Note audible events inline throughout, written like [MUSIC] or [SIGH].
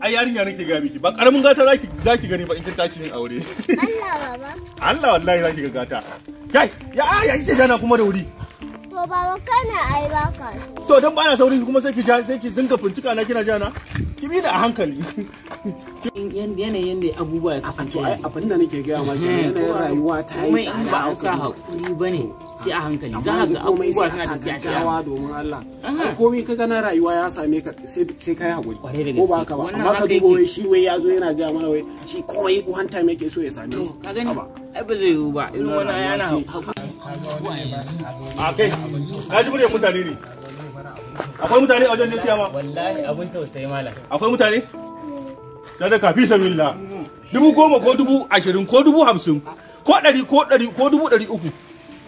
ai yarinya nake ga miki ba karamin gata zaki zaki gani ba in kin tashi ne aure Allah baba Allah wallahi zaki ga gata kai ya ya kike jana kuma da wuri to baba kana ai baka to dan bana saurin kuma sai ki sai ki dinga bincika na kina jana ki bi da a hankali yanayin da abubuwa ya kasance abin da nake gaya maka eh, yanayin rayuwa ta yi tsada ba a sa hakuri bane sai a hankali za ka abubuwa suna tafiya gawa domin Allah komai ka gana rayuwa ya same ka sai kai hakuri ko ba ka ba amma ka dubo shi wai ya zo yana gaya mana wai shi komai buhan time yake so ya same shi ka gani ai ba zai yiwu ba irin yana hakuri a kai ka ji mutane ne akwai mutane a wajen ne siya ma wallahi abin tausayi malam akwai mutane sadaka fi sabilillah dubu goma ko dubu ashirin ko dubu hamsin ko ɗari ko ɗari ko dubu ɗari uku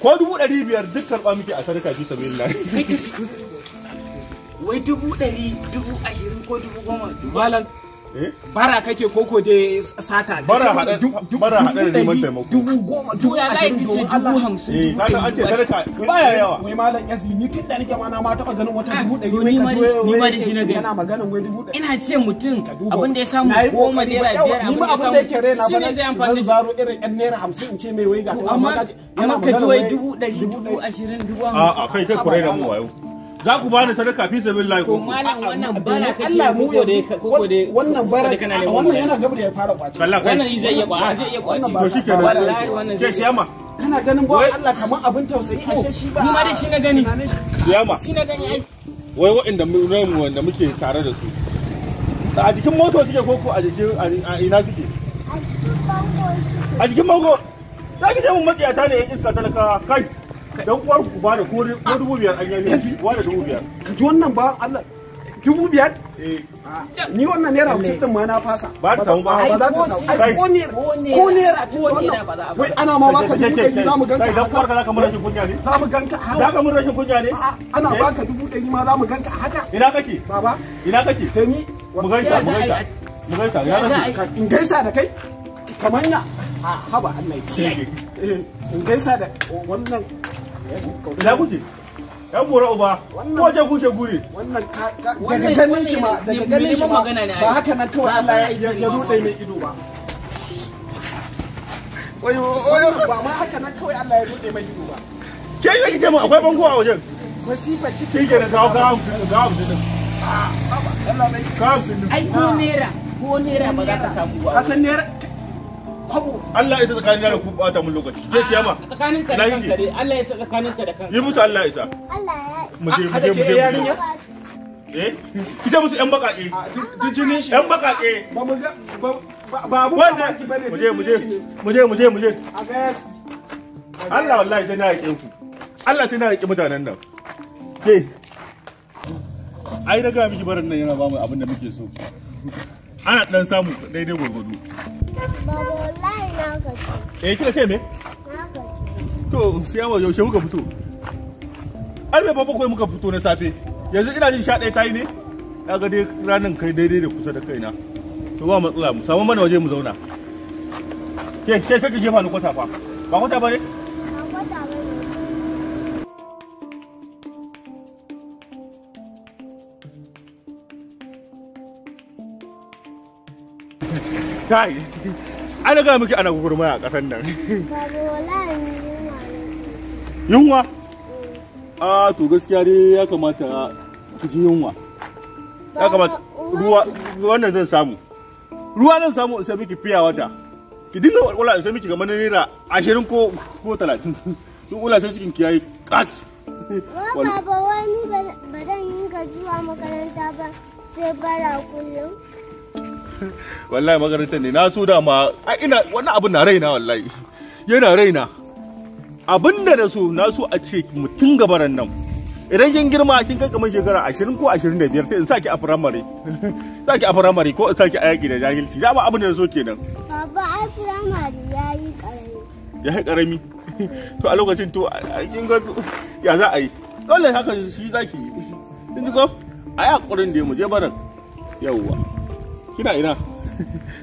ko dubu ɗari biyar duk karɓa muke a sadaka fi sabilillah wai dubu ɗari dubu ashirin ko dubu goma malam bara kake koko da sata bara hada bara hada neman taimako dubu goma dubu ya zai kice dubu hamsin kaga eh, an ce sarka baya yawa wai malam SB ni tun da nake ma na ma taba ganin wata ah, dubu ɗari ne ka ni ma da shi na ga yana maganin wai dubu ɗari ina ce mutum abin da ya samu goma da naira biyar abin da ya samu yake raina ba ne zai amfani zaro irin yan naira hamsin in ce mai wai ga amma amma ka ji wai dubu ɗari dubu ashirin dubu hamsin a kai kai ku da mu wayo za ku bani sadaka fi sabilillahi ko malam wannan bara Allah mu ko dai ko dai wannan bara wannan yana gaba da ya fara kwaci wannan zai iya zai iya to shikenan shiyama kana ganin ba Allah abin tausayi ashe oh, shi ma da shi na gani shi na mu wanda muke tare da su a jikin moto suke ko ko a jikin ina suke a jikin ki je dan uwar ku ba da ko dubu biyar an yi yanzu ba da dubu biyar ka ji wannan ba Allah dubu biyar eh. ni wannan naira hamsin din ma na fasa ba ta samu ba ba za ta samu ko naira ko naira tun wannan wai ana ma baka dubu ɗari za mu ganka dan uwar za ka mun rashin kunya ne za mu ganka haka za ka mun rashin kunya ne ana eh? baka dubu ɗari ma za mu ganka haka ina kake baba ina kake ta ni mu gaisa mu gaisa mu gaisa ina kake in gaisa da kai kamar haba Allah ya kiyaye eh, in gaisa da wannan ina kuke yan mora uba ko je kuke gure wannan daga ganin shi ma daga ganin shi ma ba haka nan kawai Allah ya rude mai ido ba oyo oyo ba ma haka nan kawai Allah ya rude mai ido ba ke yi kike mu akwai bango a wajen wasifa ce ce ke da kawo kawo kawo ka ah, ko nera ko nera ba za ka samu ba ka nera kwabo Allah isa tsakanin da ku bata mun lokaci ke siyama ah, tsakanin ka da kanka dai Allah isa tsakanin ka da kanka yi musu Allah ya isa Allah ya mu je mu je mu je eh ita musu yan bakake dijinin shi yan bakake ba mu ba abu ba ki mu je mu je mu je mu je mu je Allah wallahi sai na yake ku Allah sai na yake mutanen nan ke ai na ga miki barin nan yana ba mu abin da muke so ana dan samu daidai gwargwado Eh kika ce me? Tu, gaji. To sai yawa yaushe kuka fito? Arbe muka fito na safe. Yanzu ina jin sha ɗaya tayi ni. Na dia kerana ranan kai dia da kusa da kaina. To ba matsala mu mana waje mu zauna. Ke ke kake jefa ni kwata fa. Ba Thank you. kai ana ga miki ana gurmaya a ƙasar nan yunwa a mm. ah, to gaskiya dai ya kamata ji yunwa ya kamata ruwa wannan zan samu ruwa zan samu in sai miki fiya wata ki dinga wala in sai miki kamar naira ashirin ko ko talatin sun [LAUGHS] wala sai cikin kiyaye kat ba ba wani ba zan yi ka zuwa makaranta ba sai bara kullum [LAUGHS] wallahi makarantar ne na so da ma ina wannan abin na raina wallahi yana raina abin da na so na so a ce mutum gabaran nan idan kin girma kin kai kamar shekara 20 ko 25 sai in saki a firamare [LAUGHS] saki a firamare ko in saki a yaki da jahilci ya ba abin da na so kenan baba a firamare yayi karami yayi karami [LAUGHS] to a lokacin to kin ga ya za a yi dole haka shi zaki yi kin ji ko a yi hakurin da mu je barin yawwa kina ina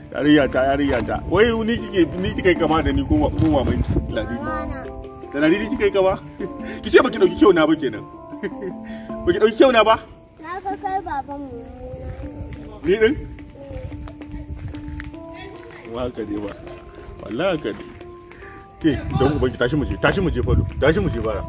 tarayya ta yarinya ta wai ni kike ni kike kama da ni ko ko maman ladi Da na didi kike kama [LAUGHS] ki ce baki dauki kyau na ba kenan [LAUGHS] baki dauki kyau na ba na ka kai baban mu ni din wa ka dai ba wallahi ka ke don ubanki tashi mu je tashi mu je falo tashi mu je bara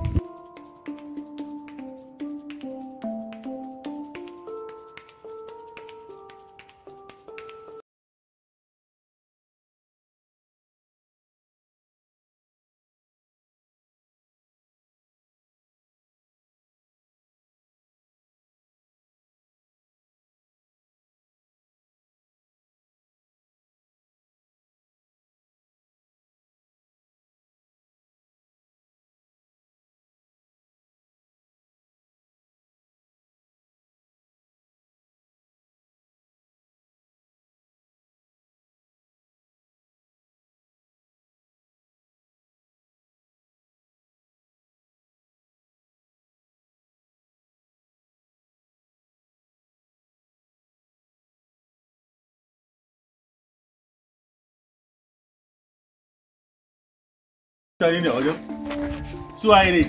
mutane ne a wajen su waye ne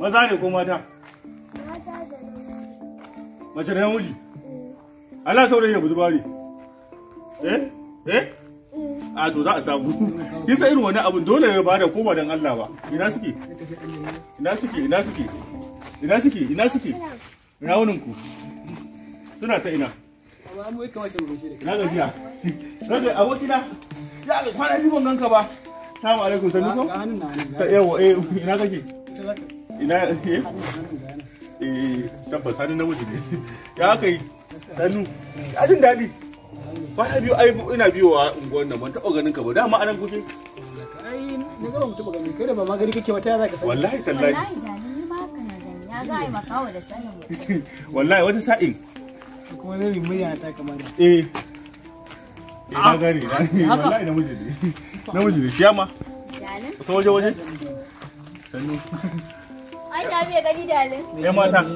maza ne ko mata mace da namiji Allah saurayi da budurwa ne eh eh a to za a samu [LAUGHS] kin san irin wani abu dole ya bada ko ba dan Allah ba ina suke ina suke ina suke ina suke ina suke ina wunin ku suna ta ina ina gajiya kaga [LAUGHS] abokina Ya ga kwana biyu ban ganka ba. Assalamu alaikum sanu ko? Ta yawa eh ina kake? Ina eh. Eh tabbas hannun na wuce ne. Ya kai sanu. Ajin daɗi. Kwana biyu ai ina biyo a unguwar nan ban ganin ka ba. Dama anan kuke. Ai ne ga mutum gani kai da ba kake za ka sani. Wallahi tallahi. Wallahi yi [LAUGHS] wata sa'in. Kuma ta kamar. Eh. Eh, na gane na gane wallahi namiji ne namiji ne shiyama ka waje waje sannu ai da me gani dalin eh mata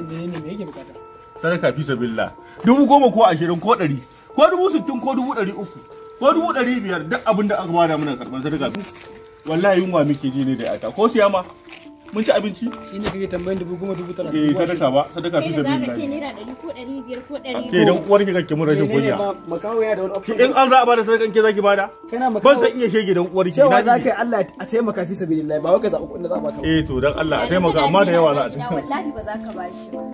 sadaka fi sabilla dubu goma ko ashirin ko ɗari ko dubu sittin ko dubu ɗari uku ko dubu ɗari biyar duk abin da aka bada mana karɓar sadaka wallahi yunwa muke ji ne da ata ko siyama mun ci abinci shi ne kake tambayin dubu goma dubu tara eh sadaka ba sadaka fi sabbin lafiya kai naira ɗari ko ɗari ko ɗari ke dan uwar ki kake mun rashin kunya makawo an za a bada sadakan ke zaki bada ban zan iya shege dan uwar ki cewa za ka Allah a taimaka fi sabbin ba wai ka za a baka eh, to dan Allah a taimaka amma da yawa za ba za ka bashi ba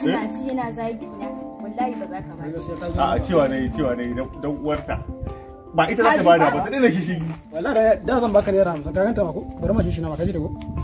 ci eh? yana zagi na wallahi ba za ka bashi a cewa ne cewa ne dan uwarta ba ita za ta bada ba ta dina shi shi wallahi da zan baka naira 50 ka ganta ma ko bari ma shi shi na ma ka ji da ko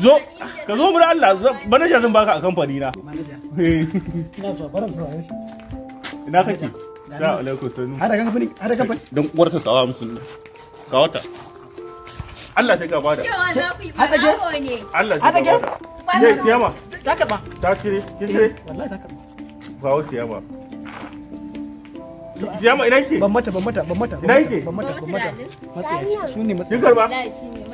zo ka zo mura Allah manaja zan baka a kamfani na eh. ina ina kake da alaikum tunu hada kamfani hada kamfani uwar ka kawo musu ta gaba ta gaba ne ta ta eh, wallahi ta ina yake? Ban mata ban mata ban mata. Ina yake? Ban mata ban mata. Matsayaci. Su ne karba? Wallahi shi ne.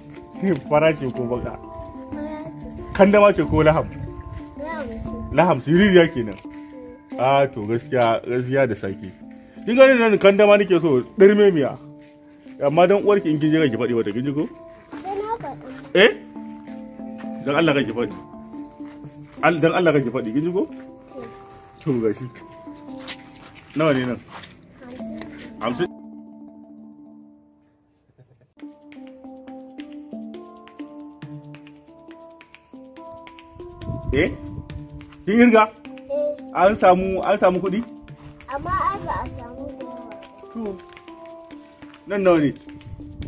[LAUGHS] fara ce ko baka kandama ce ko laham laham siririya kenan mm. a ah, to gaskiya gaskiya da sake kin gani nan kandama nake so darme miya amma dan uwarki in kinje je ki faɗi wata kin ko eh, eh? dan Allah kan ki faɗi dan Allah kan ki faɗi kin ko mm. to gashi nawa ne nan eh kin irga eh. an samu an samu kuɗi amma an ba a samu to nan nawa ne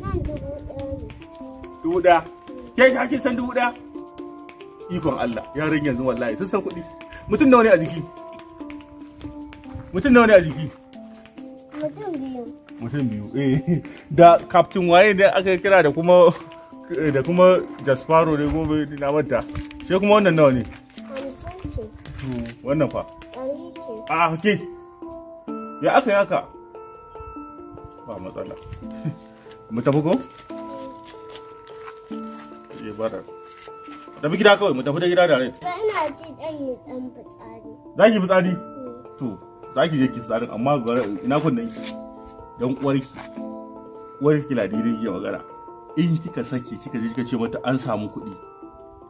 nan dubu ɗaya ne dubu ɗaya ke ka kin san dubu ɗaya ikon Allah yaran yanzu wallahi sun san kuɗi mutum nawa ne a jiki mutum nawa ne a jiki mutum biyu mutum biyu eh da captain waye ne aka kira da kuma da kuma jasparo ne gobe na manta Sai kuma wannan nawa ne? Wannan fa? A ke. Ah, ya aka yi aka? Ba matsala. [LAUGHS] Mu tafi ko? Ya bara. Tafi gida kawai, mu tafi da gida da rai. Ina ji dan yi dan fitsari. Zaki fitsari? Mm. To, zaki je ki fitsarin amma ina kun nan ki. Dan uwarki. Uwarki ladiri ya magana. In kika sake kika je kika ce mata an samu kuɗi.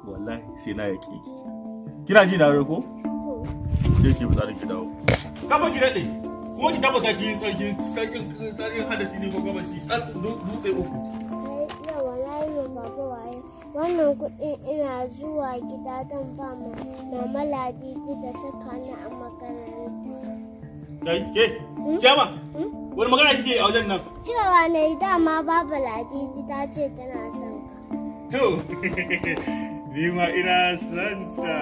wallahi sai na yaƙi kina ji na ko ke ke fitsarin ki dawo kafa ki daɗe kuma ki tabbata ki yi tsarki tsarkin tsarkin hadasi ne ko gabashi dutse uku wannan kuɗin ina zuwa gida don ba mu mama ladidi da saka ni a makaranta. Dai, ke, siyama, hmm? hmm? wani magana kike a wajen nan? Cewa na yi dama babu ladidi ta ce tana son ka. To, [LAUGHS] ni ma ina santa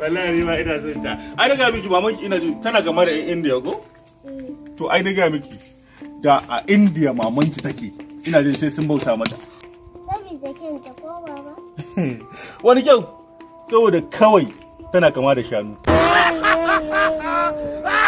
wallahi ni ma ina santa ai daga miki maman ki ina ji tana game da India ko eh. to ai daga miki da a India maman ki take ina jin sai sun bauta mata saboda kyanta ko baba [LAUGHS] wani kyau saboda kawai tana kama da shanu [LAUGHS]